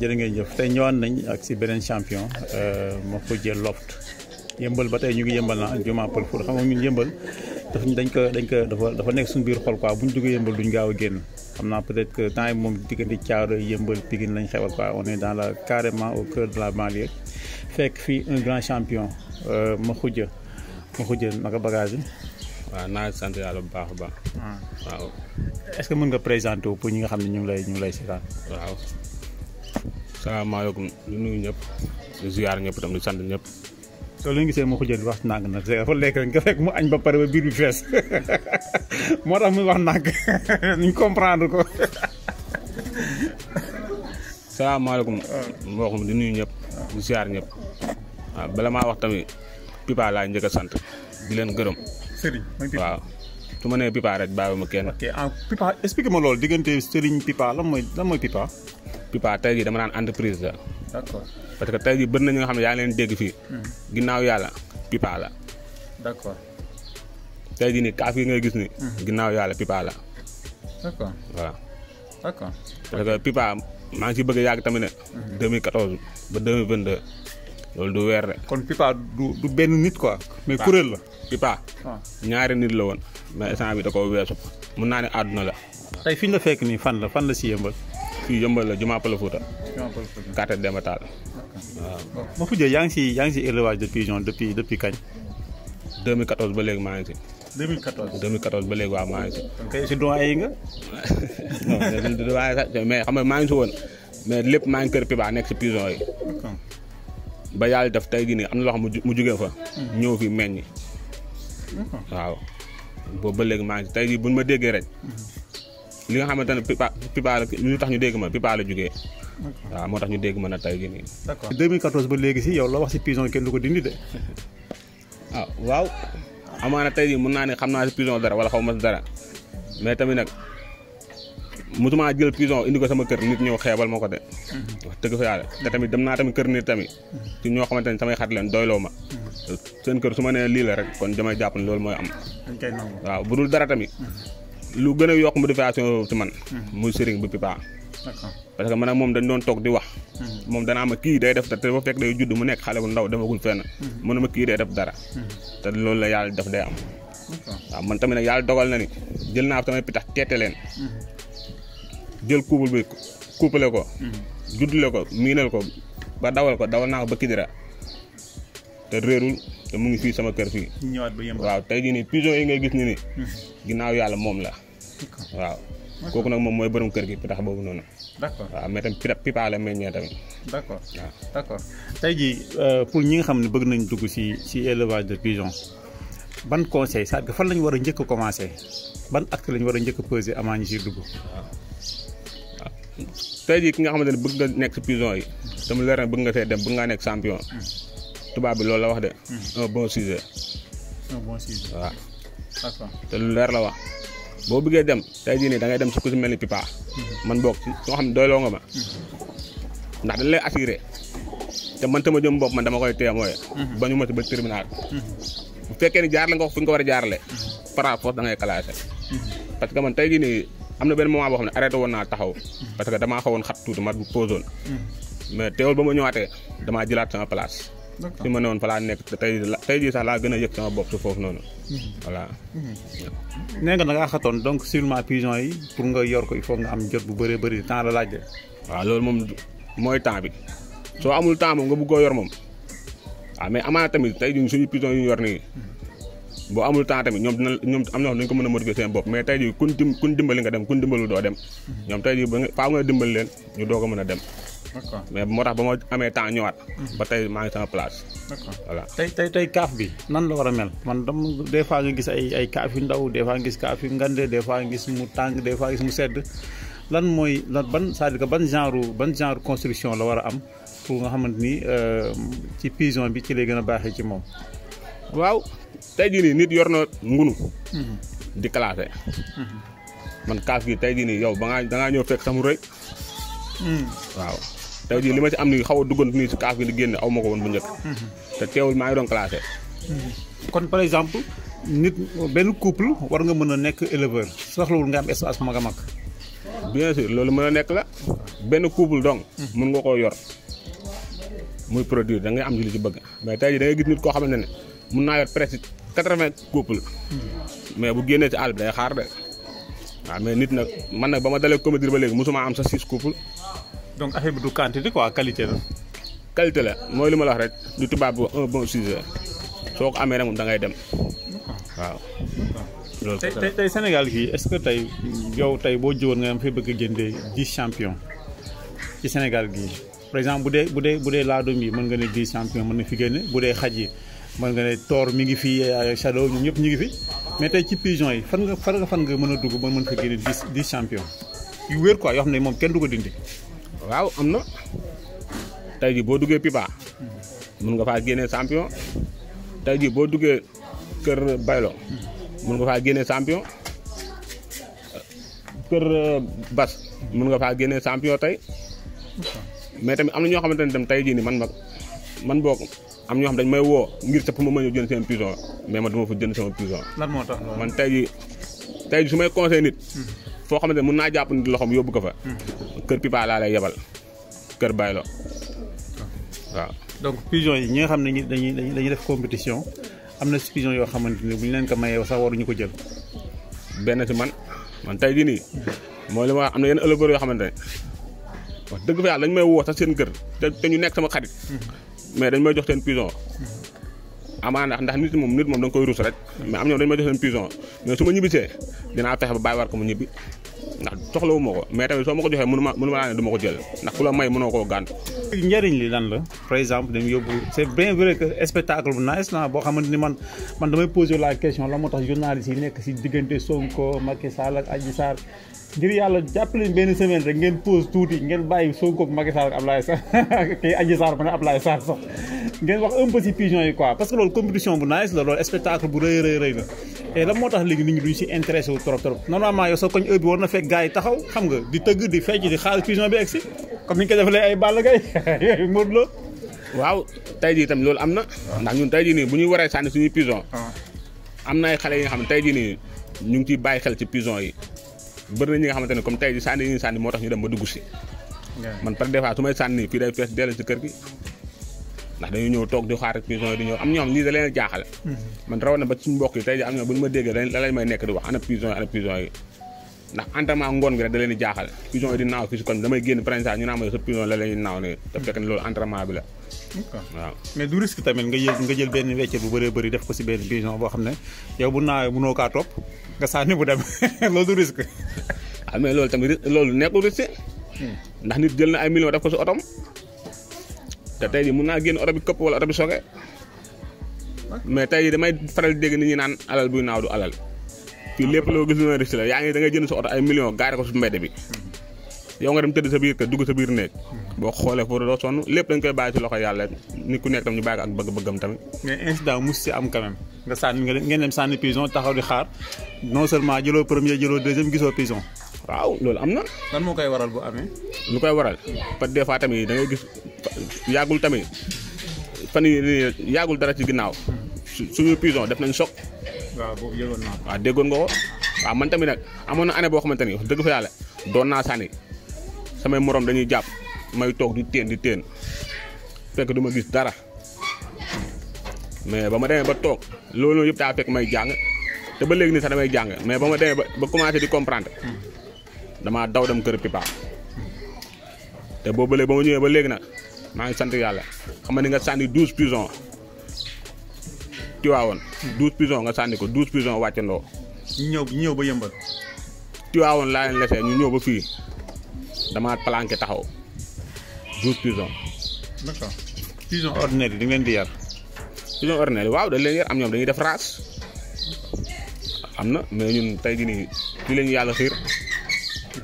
jërë ngeen jëf tey ñëwaan nañ ak si beneen champion euh, ma ko jël loft yëmbal ba tey ñu ngi yëmbal na jumaa pël fur xam nga ñun yëmbal daf dañ ko dañ ko dafa dafa nekk suñu biir xol quoi bu ñu duggee yëmbal duñ gaaw a génn xam naa peut-être que temps yi moom diggante caaro yëmbal Pikine lañ xewal ko on est dans la carrément au cœur de la banlieue fekk fii un grand champion euh, ma xujja ma xujja naka bagage yi waa naa sant yàlla bu baax a baax ah. waaw est-ce mën nga présenter wu pour ñi nga xam ne ñu ngi lay ñu ngi lay seetaan waaw salaamaaleykum di nuyu ñëpp di ziar ñëpp tam di sant ñëpp soo leen gisee ma xujjal wax nànk nag dafa lekk rek nga fekk mu añ ba pare ba biir bi fees moo muy wax nànk ñu comprendre ko salaamaaleykum mbokk di nuyu ñëpp di ziar ñëpp bala wax tamit pipa laa njëkk sant di leen waaw pipa rek bàyyi ma kenn ok ah, pipa explique ma loolu diggante pipa lan mooy lan pipa plupart tey jii dama naan entreprise la. d'accord parce que tey jii bëri na ñi nga xam ne yaa ngi leen dégg fii. Hmm. ginnaaw yàlla pipa la. d'accord tey jii ni kaaf yi ngay gis ni hmm. ginnaaw yàlla pipa la. d'accord waaw. d'accord parce que pipa maa ngi si bëgg a yàgg tamit ne. 2014 hmm. ba 2022 loolu du weer rek. kon pipa du du benn nit quoi. mais kuréel la. pipa ah. ñaari nit la woon mais instant bi da koo weesu mun naa ne àdduna la. tey fi ñu fekk nii fan la fan la si yëmbal. fii yëmbal la jumaa Pël Fuuta. jumaa waaw. ma fujjee yaa ngi si yaa ngi si élevage de pigeon depuis depuis kañ. 2014 ba léegi maa ngi si. 2014 ba léegi maa ngi si. kon kay si mais xam nga maa ngi si woon mais lépp maa ngi kër Piba nekk si pigeon yi. ba yàlla def tey jii nii am na loo mu jugee fa. Hmm. ñëw fi meññ. waaw boobu ba léegi maa ngi si tey jii buñ ma déggee rek. Hmm. li nga xamante ne Pipa Pipa la lu tax ñu dégg ma Pipa la jógee. waaw moo tax ñu dégg ma na tey jii nii. d'accord 2014 ba léegi si yow la wax si prison kenn du ko dindi de. ah waaw amaana tey jii mën naa ne xam naa si prison dara wala xaw ma si dara mais tamit nag mosuma jël prison indi ko sama kër nit ñëw xeebal ma ko de. Mhm. wax dëgg fa yàlla te tamit dem naa tamit kër nit tamit. ci mhm. ñoo xamante ne samay xarit leen doyloo ma. Mhm. seen kër su ma nee lii la rek kon damay jàpp ne loolu mooy am. waaw bu dara tamit. lu gën a yokk motivation ci man. Mhm. muy sëriñ bu Pipa. parce que man ak moom dañ doon toog di wax. Mhm. moom danaa ma kii day def dara te ba fekk mu nekk xale bu ndaw demagul fenn. Mhm. mu ma kii day def dara. te loolu la yàlla def day am. waaw man tamit nag yàlla dogal na ni jël naa tamit pitax teete leen. jël kuubul bi kuupale ko. juddule ko miinal ko ba dawal ko dawal naa ko ba Kidira te réerul te mu ngi fii sama kër fii. waaw tey jii nii pigeon yi ngay gis ni nii. ginnaaw yàlla moom la. waaw kooku nag moom mooy borom kër gi pitax boobu noonu. d'accord waaw mais tamit pipa la meññee tamit. d'accord waaw d'accord tey jii euh, pour ñi nga xam ne bëgg nañ dugg ci ci élevage de pison ban conseil cest à fan lañu war a njëkk a commencer ban acte lañu war a njëkk a peser avant ñu ciy dugg. waaw tey ki nga xamante ne bëgg nga nekk ci pigeon yi. dama leer na bëgg nga see dem bëgg ngaa nekk champion. Hmm. tubaab bi loolu la wax de. Hmm. un bon sujet. un bon sujet te lu leer la wax. boo bëggee dem tey jii dangay dem ci ku si mel ni Pipa mm-hmm. man boog soo xam ne doyloo nga ma mm-hmm. ndax dañ lay assuré te man tama jëm bopp man dama koy témoin mm-hmm. ba ñu ma ci ba tribunal bu fekkee ni jaar nga ko fu ñu ko war a jaarale par force da ngay classé parce que man tey jii am na benn moment boo xam ne arrêté woon naa taxaw parce que damaa xawoon xat tuuti ma posé woon mais teewul ba ma ñëwaatee damaa jëlaat sama place fi ma ne woon fa laa nekk tey tey jii sax laa gën a yëg sama bopp su foofu noonu. Mhm. voilà. Mhm. nee nga da ngaa xatoon donc sûrement pigeon yi pour nga yor ko il faut nga am jot bu bëree bëri temps la laaj de. waaw loolu moom mooy temps bi soo amul temps moom nga bëggoo yor moom waaw ah, mais amaana tamit tey jii suñu pigeon yu ñu yor nii boo amul temps tamit ñoom dina ñoom am na dañu ko mën a motiver seen bopp mais tey ji kun dimbali nga dem kun dimbalu doo dem mhm. ñoom tey jii ba nga dimbali leen ñu doog a mën a dem. mais moo tax ba ma amee temps ñëwaat. Mhm. ba tey maa ngi sama place. tey tey tey kaaf bi nan la war a mel man dam des fois nga gis ay ay yu ndaw des fois nga gis kaaf yu ngande des fois nga gis mu tàng des fois gis mu sedd lan mooy lan ban c'est-à-dire ban genre ban genre construction la war a am pour nga xamante ni euh, ci pigeon bi ci lay gën a baaxee ci moom. waaw tey jii nit yor na ngunu. Mhm. di classé. Mhm. man kaaf gi tey jii yow ba ngaa da ngaa ñëw fekk samu rëy. waaw. taw di lima ma ci am ni xaw a duggoon nii si kaaf gi li génn aw ma ko woon bu njëkk mhm. te teewul maa ngi doon classé mhm. kon par exemple nit benn couple war nga mën a nekk éleveur soxlawul nga am espace mag a mag bien sûr loolu mën a la benn couple donc mhm. mën nga yor muy produire da ngay am li ci bëgg mais tey ji da ngay gis nit koo xamante ne mën naa yor presque quatre couple mais bu génnee ci àll day xaar de waaw mais nit man ba ma comédie ba am sa couple donc affaire bi du quantité quoi qualité la. qualité la mooy li ma la wax rek lu tubaab bu un bon sujet soo ko amee rek moom da dem. waaw. loolu tey tey Sénégal gii est-ce que tey yow tey boo jiwoon nga am fi bëgg a jëndee dix champion ci Sénégal gii par exemple bu dee bu dee bu dee laadum yi mën nga ne dix champion mën na fi génne bu dee xaj yi mën nga ne toor mi ngi fi euh, shadow ñoom ñëpp ñu ngi fi mais tey ci pigeon yi fan nga fan nga fan nga mën a dugg ba mën fa génne dix champion yu wér quoi yoo xam moom kenn du ko dindi. waaw am na tey jii boo duggee Pipa mun nga faa génnee champion tey jii boo duggee kër Baylo mun nga faa génnee champion kër eh, Bas mun nga faa génnee champion tey mais tamit am na ñoo xamante ne tam tey jii ni man mag man boog am ñoo xam dañ may woo ngir sa pour ma mën a jënd seen prison mais ma duma fa jënd sama prison. lan moo tax man tey jii tey jii su may conseil nit. Hmm. foo xamante ne mun naa jàpp nit loxoom yóbbu ko fa. Hmm. kër Pipa laa lay yebal kër Baylo waaw. donc pigeon yi ñi nga xam ne ñi dañuy dañuy def compétition am na si pigeon yoo xamante ni bu ñu leen ko mayee sax waruñu ko jël benn ci man man tey jii mooy li ma am na yenn éleveurs yoo xamante ne wax dëgg fa yàlla dañu may woo sax seen kër te ñu nekk sama xarit mm-hmm. mais dañ may jox seen pigeon amaana ndax nit moom nit moom da nga koy ruus rek mais am ñoom dañu ma jox leen ko mu ñibbi ma ko mais tamit soo ma ko joxee mënu ma mënu ma laa ne du ma ko jël ndax ku la may mënoo koo gànt njëriñ li lan la par exemple dañu yóbbu c'est bien vrai que spectacle bu nice na boo xamante ni man man damay poser la question la moo tax journaliste yi nekk si diggante Sonko Macky Sall ak Adji Sarr ngir yàlla jàppale benn semaine rek ngeen pause tuuti ngeen bàyyi Sonko ak Macky Sall ak Ablaye Sarr kii Adji Sarr ma ne Ablaye Sarr sax ngeen wax un peu yi quoi parce que loolu compétition bu nice la loolu spectacle bu rëy rëy rëy la et la moo tax léegi nit ñi duñ si intéressé wu trop trop normalement yow soo koñ heure bi fekk gars taxaw xam nga di tëgg di fecc di xaar pigeon bi egg si comme ni ñu ko defalee ay Balla Gaye yooyu Modou waaw tey jii loolu am na ah. ndax ñun tey jii nii bu ñuy waree sànni suñuy pigeon ah. am na ay xale yi nga xam tey jii nii ñu ngi ciy bàyyi xel ci pigeon yi bëri na ñi nga xamante ne comme tey ji sànni yi ñuy sànni moo ba dugg toog di xaar prison ñoo xam lii a jaaxale mm-hmm. man ñu ma may nekk di wax ana prison yi ana prison yi ndax entraînement ngoon gi rek da leen di jaaxal prison yi di naaw fii si kon damay génn prince ñu naa ma sa prison la leen naaw ne te fekk ne loolu entraînement bi la mais du risque tamit nga jël nga jël benn wecce bu bëree bëri def ko si benn prison boo xam ne yow bu naawee mënoo kaa topp nga sànni bu dem loolu du risque. ah mais loolu tamit loolu nekkul risque. Hmm. ndax nit jël na ay millions def ko si otom te tey jii mun naa génn oto bi këpp wala oto bi soge ah. mais tey jii damay faral dégg nit ñi naan alal buy naaw du alal. fii ah, lépp loo gis lu risque la yaa ngi da ngay jënd sa oto ay million gaare ko su mbedd bi. Hmm. yow nga dem tëdd sa biir kër dugg sa biir néeg. Hmm. boo xoolee pour doo son lépp dañ koy baay ci loxo yàlla ni ku nekk tam ñu bàyyi ko ak bëgg-bëggam tamit. mais incident mus si am quand même nga sànni nga ngeen dem sànni prison xaar non seulement jëloo premier jëloo deuxième gisoo prison. waaw loolu am na. lan moo koy waral bu amee. lu koy waral parce que des fois tamit da ngay gis yàggul tamit fan yii yàggul dara ci ginnaaw suñu prison def nañ choc. waaw boobu yëgoon naa ko. waaw déggoon man tamit nag amoon na année boo xamante ni dëgg fa yàlla doon naa sànni samay moroom dañuy jàpp. may toog di teen di teen fekk du ma gis dara mais ba ma demee ba toog loolu yëpp daa fekk may jàng te ba léegi nii sax damay jàng mais ba ma demee ba ba commencé di comprendre damaa daw dem kër te boo ba ba ma ñëwee ba léegi nag maa ngi sant yàlla xam nga ni nga sànni douze pigeons Tiwaawoon. douze pigeons nga sànni ko douze pigeons wàccandoo. ñu ñëw ñu ñëw ba yëmbal. Tiwaawoon laa leen lesee ñu ñëw ba fii damaa planqué taxaw. douze pigeons. d'accord pigeon ordinaire yi ngeen di yar. pigeon ordinaire yi waaw dañ leen yar am ñoom dañuy def race. am na mais ñun tey jii nii leen yàlla xiir.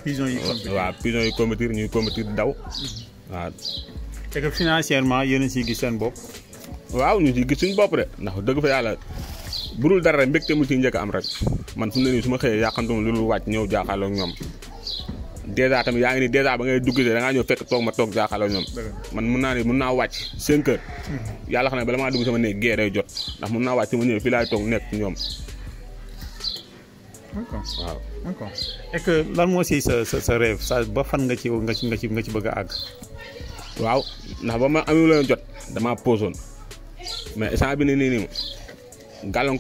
pigeon waaw pigeon yi compétir ñuy compétir daw. Mhm. waaw. te que financièrement yéen a gis seen bopp. waaw ñu ci gis suñ bopp de ndax dëgg fa yàlla bu dul dara rek mbégte mu ci njëkk am rek man fu mu ne nii su ma xëyee yàqantuma lu dul wàcc ñëw jaaxaloo ñoom. déjà tam yaangi ni déjà ba ngay dugg da nga ñëw fekk tok ma toog jaaxaloo ñom man mun naa ne mun naa wàcc cinq heures mhm. yalla xana bala ma dugg sama neeg gee day jot ndax mun naa wàcc ma ñëw fi lay tok nekk ci ñoom d'accord waaw et que lan mo ci sa sa sa rêve sa ba fan nga ci nga ci nga ci nga ci bëgg ag. waaw ndax ba ma amee leen jot dama posone. mais instant bi ni ni nii mu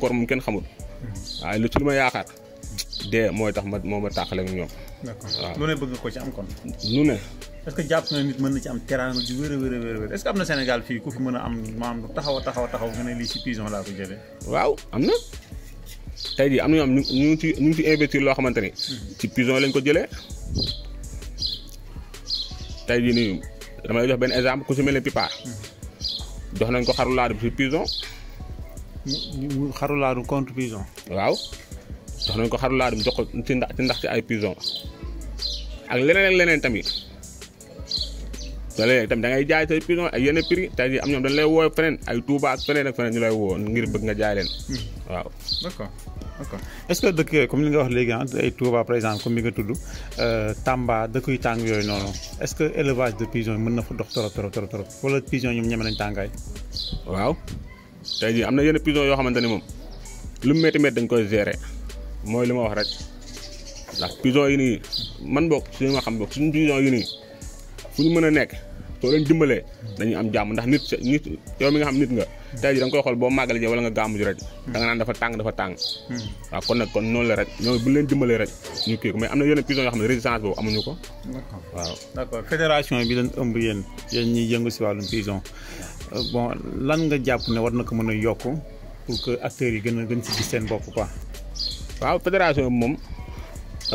moom kenn xamul mhm. waaye lu ci luma ma yaakaar de mooy tax ma moo ma tàqaleeg ñoom. d'accord lu ne bëgg nga ko ci am kon. lu ne. est-ce que jàpp nga nit mën na ci am teraanga ju wér a wér a wér est-ce que am na ku fi mën a am maam taxaw taxaw taxaw nga ne lii ci Pison laa ko jëlee. waaw am na. tey ji am na ñoo xam ñu ngi ci ñu ngi ci investir loo xamante ni. Hmm. ci Pison lañ ko jëlee. tey jii nii damay jox benn exemple ku si mel ne Pipa. Hmm. jox nañ ko xarulaadu bi ci Pison. xarulaadu contre Pison. waaw. jox nañ ko xaru laadum jox ko ci ndax ci ndax ci ay prison ak leneen ak leneen tamit te léegi tamit da ngay jaay say prison ay yenn prix tey jii am ñoom dañ lay woo feneen ay Touba ak feneen ak feneen ñu lay woo ngir bëgg nga jaay leen hmm. waaw. d'accord d'accord est-ce que dëkk yooyu comme li nga wax léegi ah ay Touba par exemple comme bi nga tudd euh, Tamba dëkk yu tàng yooyu noonu est-ce que élevage de pigeons mën na fa dox trop trop trop trop wala pigeons ñoom ñeme nañ tàngaay. waaw tey jii am na yenn pigeons yoo xamante ne moom lu mu métti métti dañ koy gérer. mooy li ma wax rek ndax pigeon yi nii man bokk suñu ma xam bokk suñu pigeon yi nii ñu mën a nekk soo leen dimbalee dañuy am jàmm ndax nit nit yow mi nga xam nit nga tey ji da nga koy boo màggal ji wala nga gàmmu ji rek da nga naan dafa tàng dafa tàng hmm. waaw kon nag kon noonu la rek ñoom bu leen dimbalee rek ñu kii ko mais am na yeneen pigeon yoo xam ne résistance boobu amuñu ko waaw d'accord bi leen ëmb yéen yéen ñiy yëngu si wàllum pigeon euh, bon lan nga jàpp ne war na ko mën a yokk pour que acteurs yi gën a gën si gis seen bopp quoi waaw fédération bi moom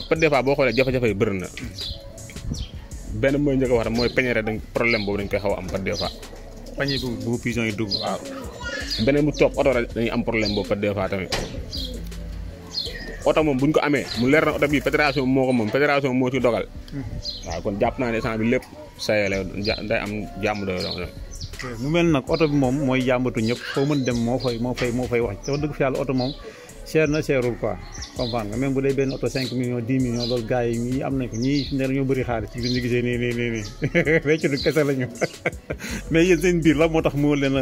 peut des fois boo xoolee jafe-jafe yi bëri na benn mooy njëkk a wax mooy peñeere dañ problème boobu dañ koy xaw am par des fois. pañe bu bu beneen bu topp oto dañuy am problème boobu par des fois tamit moom bu ko amee mu leer na bi fédération moo moom fédération moo ci dogal. Hmm. waaw kon jàpp naa ne sang bi lépp sayee la day am jàmm doy doon. mu mel nag oto bi moom mooy jàmbatu ñëpp foo mën dem moo fay moo fay moo fay wax te wax dëgg fi oto moom. cher na cherul quoi comprendre nga même bu dee benn oto cinq millions dix millions loolu gars yi ñii am nañ ko ñii ne ñoo bëri xaalis bi ñu gisee nii nii nii nii kese la mais yéen seen biir la moo tax mu leen a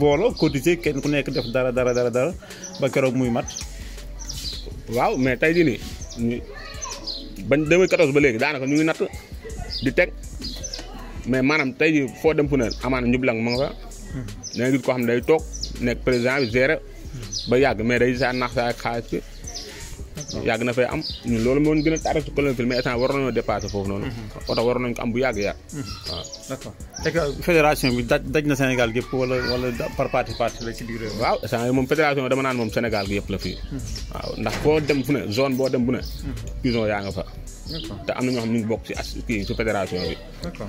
booloo cotiser kenn ku nekk def dara dara dara dara ba keroog muy mat waaw mais tey jii nii bañ 2014 ba léegi daanaka ñu ngi natt di teg mais maanaam tey jii foo dem fu ne amaana njublang ma nga fa hmm. da nga gis koo xam day toog nekk président bi gérer ba yàgg mais day saa naax saa yàgg na fay am loolu moo gën a taara ci colonne mais instant waroon nañoo dépassé foofu noonu. moo mhm. tax waroon nañ am bu yàgg yàgg. Mhm. waaw d'accord est-ce que fédération bi daj na Sénégal gépp wala wala par parti parti la ci biir réew waaw instant moom fédération dama naan moom Sénégal gi yëpp la fii. Mhm. waaw ndax foo dem fu ne zone boo dem bu ne. prison yaa nga fa. te am na ñoo xam ne ñu ngi bokk si as fédération bi. d'accord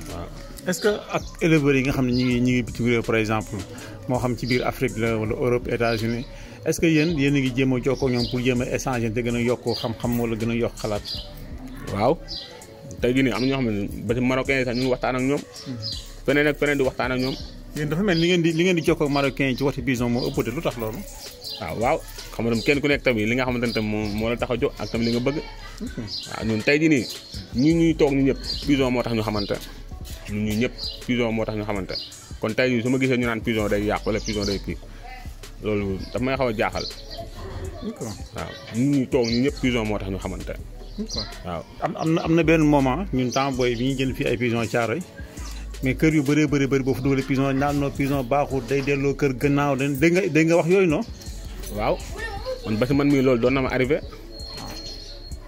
est-ce que ak éleveurs yi nga xam ne ñu ngi ñu ngi bitim par exemple moo xam ci biir Afrique la wala Europe États-Unis est-ce que yéen yéen a ngi jéem a jokkoo ñoom pour jéem a échanger te a yokk xam-xam wala gën xalaat. waaw tey jii nii am xam ne ba ci marocain waxtaan ak ñoom. Mm-hmm. feneen ak feneen ak ñoom. yéen dafa mel ni ngeen di li ngeen di jokkoo ak marocain yi ci waxtu bison moo ëpp te lu tax loolu. waaw ah, waaw xam nga kenn ku nekk tamit li moo la tax a jóg ak tamit li nga bëgg. waaw mm-hmm. ah, ñun tey jii nii ñi ñuy toog ñu ñëpp bison moo tax ñu xamante ñun ñu ñëpp Prison moo tax ñu xamante kon tey jii su ma gisee ñu naan Prison day yàq wala Prison day kii loolu daf may xaw a jaaxal. waaw ñun ñu toog ñu ñëpp Prison moo tax ñu xamante waaw am na am na benn moment ñun temps booy bi ñuy jël fii ay Prison caaro yi mais kër yu bëree bëri bëri boo fa dugalee Prison naan noo Prison baaxul day delloo kër gannaaw dañ dégg nga dégg nga wax yooyu noonu. waaw man ba si man mii loolu doon na ma arrivé ah.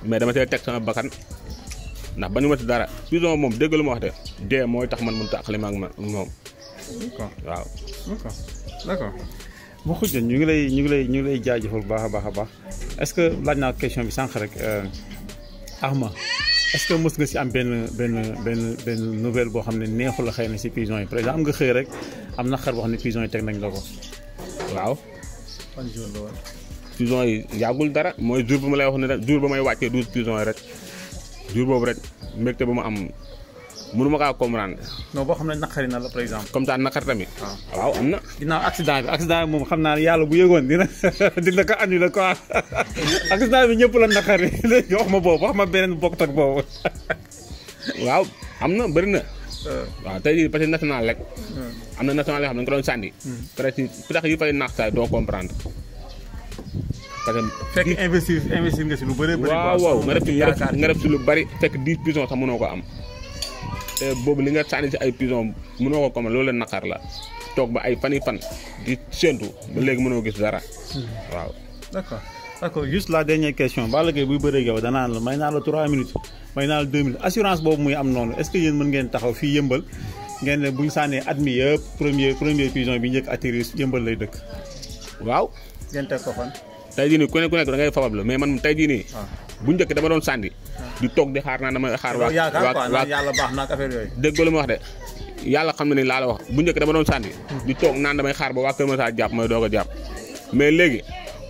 mais dama see teg sama bakkan ndax bañu ma dara prison moom dégg lu ma wax de dee mooy tax man mënut a àqali ma ak ma moom. waaw. d'accord d'accord bu xuj ñu ngi lay ñu ngi lay ñu ngi lay jaajëfal bu baax a baax a baax est-ce que laaj naa question bi sànq rek euh, Axma est-ce que mës nga am benn benn benn nouvelle boo xam ne neexul la xëy na ci prison yi par exemple am nga xëy rek am na xar boo xam ne prison yi teg nañ la ko waaw. prison yi yàggul dara mooy jour bu ma lay wax ne rek jour may wàccee douze prison rek. jour boobu rek mbégte bu ma am mënu ma kaa comprendre. non boo xam ne naqari na la par comme ça naqar tamit. Ah. waaw am na. ginnaaw accident bi accident bi moom xam naa ne yàlla bu yëgoon dina a ko annulé quoi accident la naqari léegi wax ma boobu wax ma beneen bokkut ak boobu. waaw am na bëri na. Euh. waaw tey jii parce que national rek. Euh. am na national yoo xam ne dañu ko doon sànni. Hmm. presque tax yu fay naax saay doo comprendre. parce que fekk investir investir nga si lu bëri bëri waaw waaw nga def nga def si lu bëri fekk 10 pigeons sax mënoo ko am te boobu li nga sànni si ay pigeons mënoo ko comme loolu naqar la toog ba ay fan yi fan di séntu ba léegi mënoo gis dara waaw d'accord d'accord juste la dernière question Balla Gaye buy bëreeg yow danaan la may naa la 3 minutes may naa la 2 minutes assurance boobu muy am noonu est-ce que yéen mën ngeen taxaw fii yëmbal ngeen ne buñ sànnee at mi yëpp premier premier pigeon bi njëkk atterrir yëmbal lay dëkk waaw ngeen teg ko fan tay jii nii ku ne ku nekk da ngay fabab mais man tay jii nii ah. bu njëkk dama doon sànni di toog di xaar naa dama xaar waa waa yàlla baax na ak affaire yooyu dégg lu ma wax de yàlla xam na ni laa la wax bu njëkk dama doon sànni hmm. di toog naan damay xaar ba waa kër ma saa jàpp may doog a jàpp mais léegi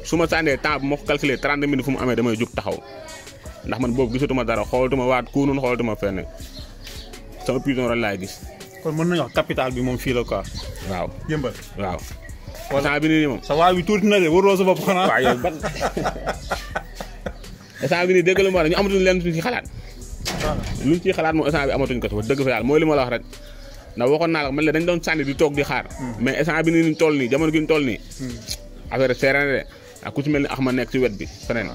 su ma sànnee temps bu ma ko calculé 30 minutes fu mu amee damay jug taxaw ndax man boobu gisatuma dara xoolatuma waat kuunun xoolatuma fenn sama pigeon rek laay gis kon mën nañu wax capital bi moom fii la quoi waaw yëmbal waaw poosaan bi nii moom. sa waa bi tuuti na de waruloo sa bopp xanaa. waaw bi nii dégg la mu war a ñu amatuñ leen suñ xalaat. luñ ciy xalaat moom instant bi amatuñ ko wax dëgg fa mooy li ma la wax rek. ndax waxoon naa la man la dañ doon sànni di toog di xaar. Hmm. mais instant bi nii ñu toll nii jamono gi ñu toll nii. Hmm. affaire seere na de ku ci mel ni Axma nekk ci wet bi feneen.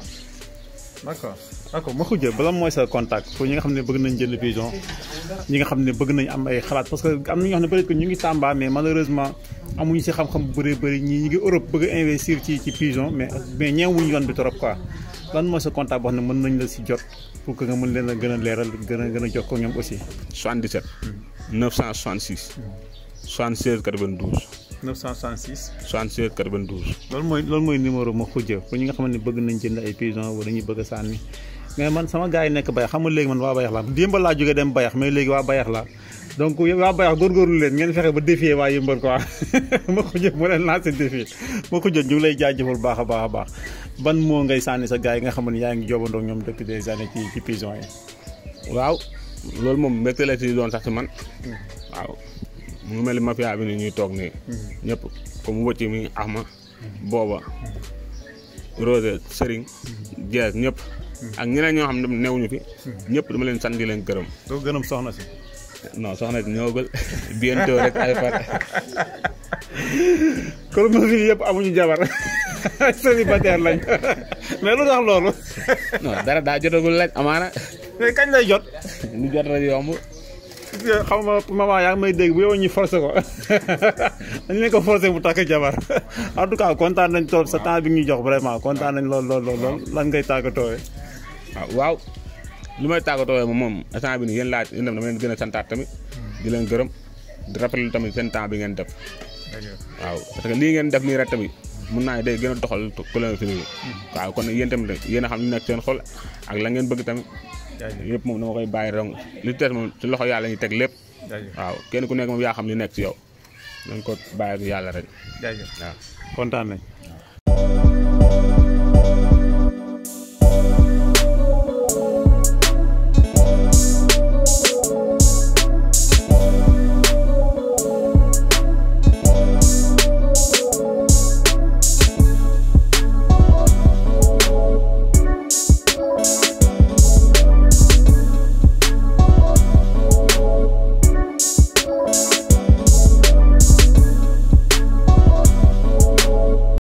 d'accord. d'accord ma xujjee bala mooy sa contact pour ñi nga xam ne bëgg nañ jënd pigeon ñi nga xam ne bëgg nañ am ay xalaat parce que am na ñoo xam ne peut-être que ñu ngi Tamba mais malheureusement amuñu si xam bëri ñi ñu bëgg a investir ci ci pigeon mais mais ñeewuñu yoon bi trop quoi lan mooy sa contact boo xam mën nañ la si jot pour mën leen a gën a leeral gën a gën a jokkoo ñoom aussi. 77. 966. 76 92. 966. 76 92. loolu mooy loolu mooy numéro ma xujja pour ñi nga xamante ne bëgg nañ jënd ay pigeon wala ñu bëgg a sànni. mais man sama gars yi nekk bayax xam nga léegi man waa bayax laa démb laa jógee dem bayax mais léegi waa bayax laa donc waa bayax góorgóorlu leen ngeen fexe ba défier waa yëmbal quoi ma ko jot mu leen lancé défi ma ko jot ñu lay lay jaajëfal baax a baax a baax ban moo ngay sànni sa gars yi nga xam ne yaa ngi jobandoo ñoom depuis des années ci ci prison yi waaw loolu moom mbégte la ci doon sax ci man waaw mu mel ni mafia bi ni ñuy toog nii ñëpp comme wëcc mi axma booba Rose Serigne ñëpp ak ñeneen ñoo xam ne ñu fi. Hmm. ñëpp dama leen sant di leen gërëm. doo gërëm soxna si. non soxna si ñëwagul bientôt rek ay far. kon yëpp amuñu jabar célibataire lañ mais lu tax loolu. non dara daa jotagul lañ amaana. mais kañ lay jot. lu jot rek yomb. xaw ma maman yaa ngi may dégg bu yow ñu forcé ko dañ leen ko forcé bu takk jabar en tout cas kontaan nañ trop sa temps bi ñu jox vraiment kontaan nañ lool lool lool lan ngay tàggatoo eh? waaw ah, waaw lu may tàggatoo moom moom instant bi nii yéen laaj yéen dama leen gën a santaat tamit di leen gërëm di rappelé tamit seen temps bi ngeen def waaw parce que lii ngeen def nii rek tamit mun naa ne day gën a doxal colonisé bi waaw kon yéen tamit yéen xam li nekk seen xol ak la ngeen bëgg tamit yëpp moom dama koy bàyyi rong li des moom ci loxo yàlla ñu teg lépp waaw kenn ku nekk moom yaa xam li nekk ci yow dañ ko bàyyi yàlla rek